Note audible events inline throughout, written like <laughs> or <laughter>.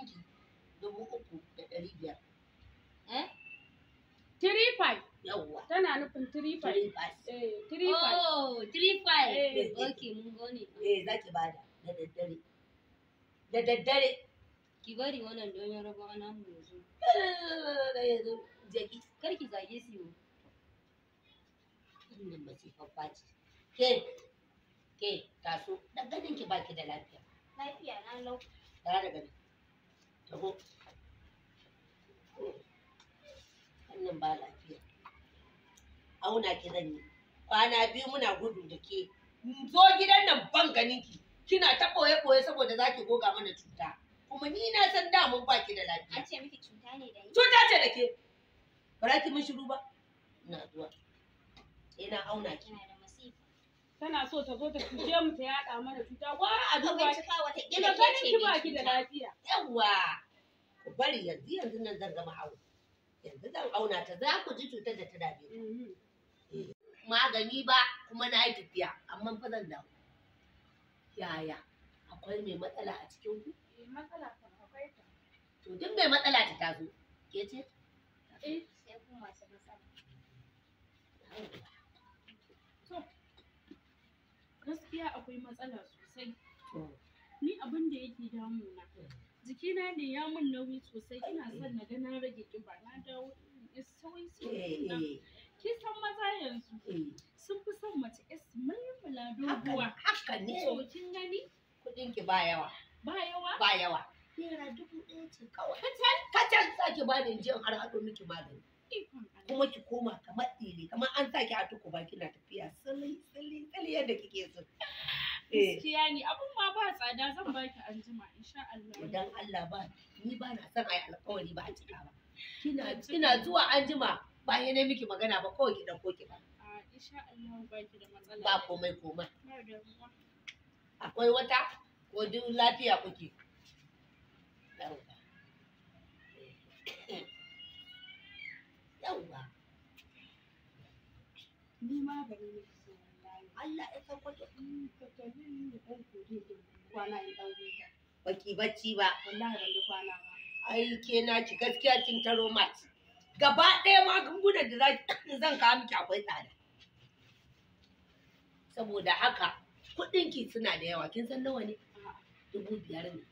ɗinki dubu uku da ɗari biyar. Eh? Yawwa. Tana nufin three eh, Oh, eh, mun Eh, za ki bada da daddare. Da daddare. Ki bari wannan don yanzu. Da yanzu. Jaki. Kar ki zage su Wannan mace babba ce. Ke, ke, taso, ki baki da lafiya. Lafiya na lau. Da Tabo. Wannan ba lafiya. Auna ki zan yi. Kwana biyu muna gudu da ke. Zo gidan nan ban ganin Kina ta ɓoye-ɓoye saboda za ki goga mana cuta. Kuma ni na san da mun ba ki da lafiya. An ce miki cuta ne da ni. Cuta ce da ke. Ba za ki mun shiru ba. Ina zuwa. Ina auna ki. tana so ta zo ta cuce mu ta yaɗa mana cuta gwara a duba ki da ganin ki ba ki da lafiya yawa ku bari yanzu yanzu nan zan gama hawo yanzu zan auna ta za ku ji cutar da ta dame ku mhm. eh. magani ba kuma na yi tafiya amma fa zan dawo yaya akwai mai matsala a cikin ku eh, matsala akwai ta to duk mai matsala ta tazo ke ce eh sai kuma masu matsala gaskiya akwai matsala sosai ni abin da yake damuna jikina ne ya mun nauyi sosai ina eh. son na ga na rage kiba na dawo sauyi sauyi eh, eh. kin san maza yanzu sun fi son mace Mun mulmula doguwa haka ne so kin gani kudin ki ba yawa ba yawa ba yawa naira dubu ɗaya ce kawai kacal kacal sake bani jin har haɗo miki magani ikon kuma ki koma kamar tsire kamar an sa ki a tuku ba kina tafiya tsalle yadda kike so eh. gaskiya ne abun ma ba tsada zan baki anjima insha Allah dan Allah ba ni ba na son ai alƙawari ba a cika ba kina kina zuwa anjima ba ya ne miki magana ba kawai ki dauko ki ba insha Allah ba ki da matsala ba komai komai akwai wata ko duk lafiya kuke Allah ya in ka ni dan kudi kwana in dan baki bacci ba wallahi ban da kwana ba ai ke na ki gaskiya kin taro mat gaba ɗaya magungunan da zan kawo miki akwai tsada saboda haka kuɗin ki suna da yawa kin san nawa ne dubu biyar ne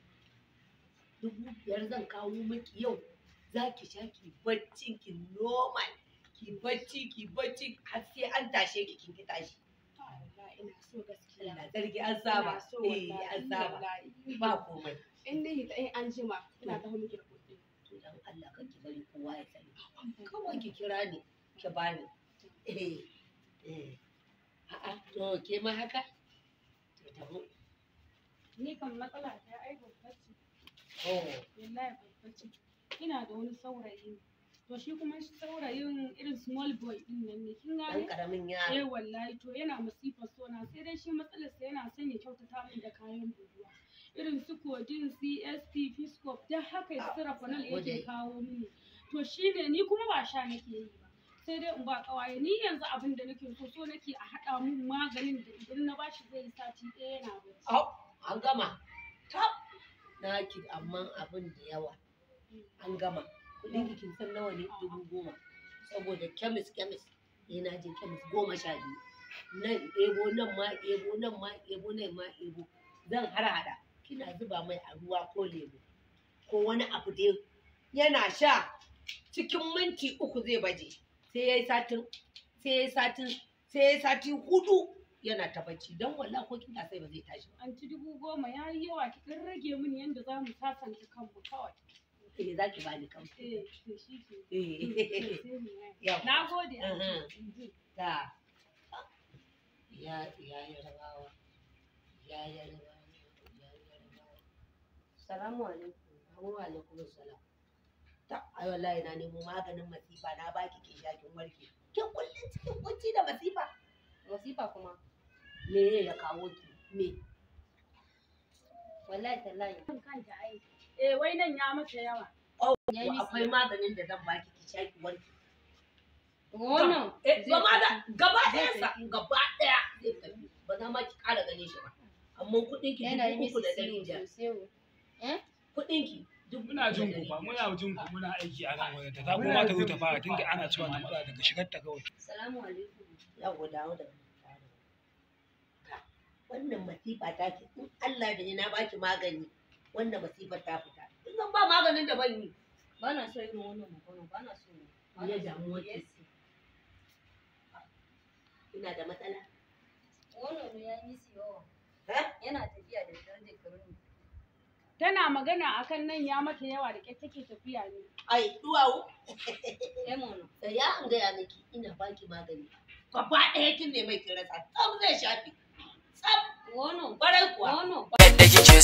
dubu biyar zan kawo miki yau za ki sha ki baccin ki normal ki bacci ki bacci har sai an tashe ki kin tashi ina so gaskiya zargi an saba eh an saba ba komai in dai an jima ina ta to dan Allah ka ki bari kowa ya sani kawai ki kira ni ki bani eh eh a'a to ke ma haka to tabo ni kan matsala ta oh wallahi ina da wani saurayi to shi kuma saurayin irin small boy din nan ne kin gane karamin yaro eh wallahi to yana masifa sona sai dai shi matsalar sa yana son ya kyautata min da kayan buduwa irin su kodin CSP Fiscop da haka ya sirafanal ah, yake kawo mini to shi ne ni kuma ba sha nake yi ba sai dai in ba kawaye ni yanzu abin da nake so so nake a haɗa mun maganin da idan na bashi zai yi sati ɗaya yana bacci an gama top naki amma abin da yawa an gama kuɗin kin san nawa ne dubu goma saboda kemis kemis ni eh, na je kemis goma sha biyu nan ebo nan ma ebo nan ma ebo nan ma ebo zan harhaɗa kina zuba mai a ruwa ko lebu. ko wani abu dai yana sha cikin minti uku zai baje sai yayi satin sai yayi satin sai yayi sati hudu yana ta bacci don wallahi ko kina sai ba zai tashi an ci dubu goma yayi yawa ki rage min yanda zamu sasanta kanmu kawai eh za ki bani kan eh, eh. <laughs> na gode mm-hmm. ya ya yarbawa ya salamu alaikum alaikum salam ta na nemo maganin masifa na baki ke sha kin kin kullun cikin kunci da masifa masifa kuma me ya kawo ki me wallahi tallahi kan Eh wai nan ya mace yawa. akwai maganin da zan baki ki sha ki warke. Wannan eh, gaba da gaba ɗaya sa gaba ɗaya zai tafi ba za ma ki ƙara ganin shi ba. Amma kuɗin ki dubu uku da ɗari eh? Kuɗin ki Muna jin ku ba muna jin ku muna aiki a nan wajen ta ta koma ta fara tunda ana cewa ta matsa daga shigar ta kawai. Salamu alaikum. wannan masifa ta ke, in Allah da na baki magani. wannan masifar ta fita in zan ba maganin da ban yi ba na so irin wannan magana ba na so ya damuwa ce ina da matsala wannan ya yi siyo yana tafiya da darajar garin tana magana akan nan ya mata yawa da ƙyar take tafiya ne ai duwawu da ya an gaya miki ina baki magani gaba ɗaya kin ne mai kirasa tsam zai shafi tsam wono barai kuwa wono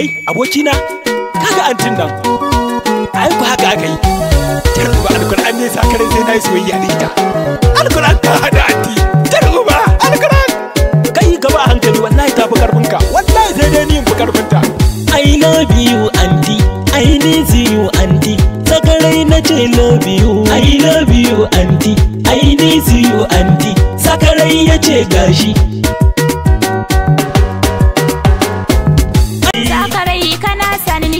kai abokina kaga antin nan ai ku haka aka yi tarbi alkur'an ne sakarai sai na yi soyayya da ita alkur'an ta hada anti tarbi ba alkur'an kai gaba a hankali wallahi ta fi karfin ka wallahi sai dai ni in fi karfin ta i love you anti i need you anti sakarai na ce love you i love you anti i need you anti sakarai ya ce gashi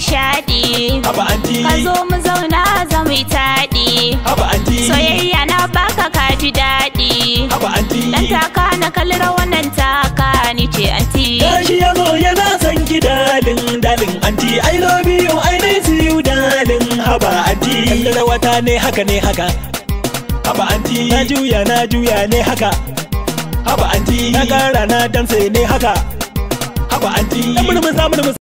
nishadi haba anti kazo mu zauna za mu yi taɗi haba anti soyayya na baka ka ji daɗi haba anti dan taka na kalira wannan taka ni ce anti gashi ya zo yana san ki dalin dalin anti i love you i miss you dalin haba anti kalira wata ne haka ne haka haba anti na juya na juya ne haka haba anti na kara na danse ne haka haba anti na murmusa murmusa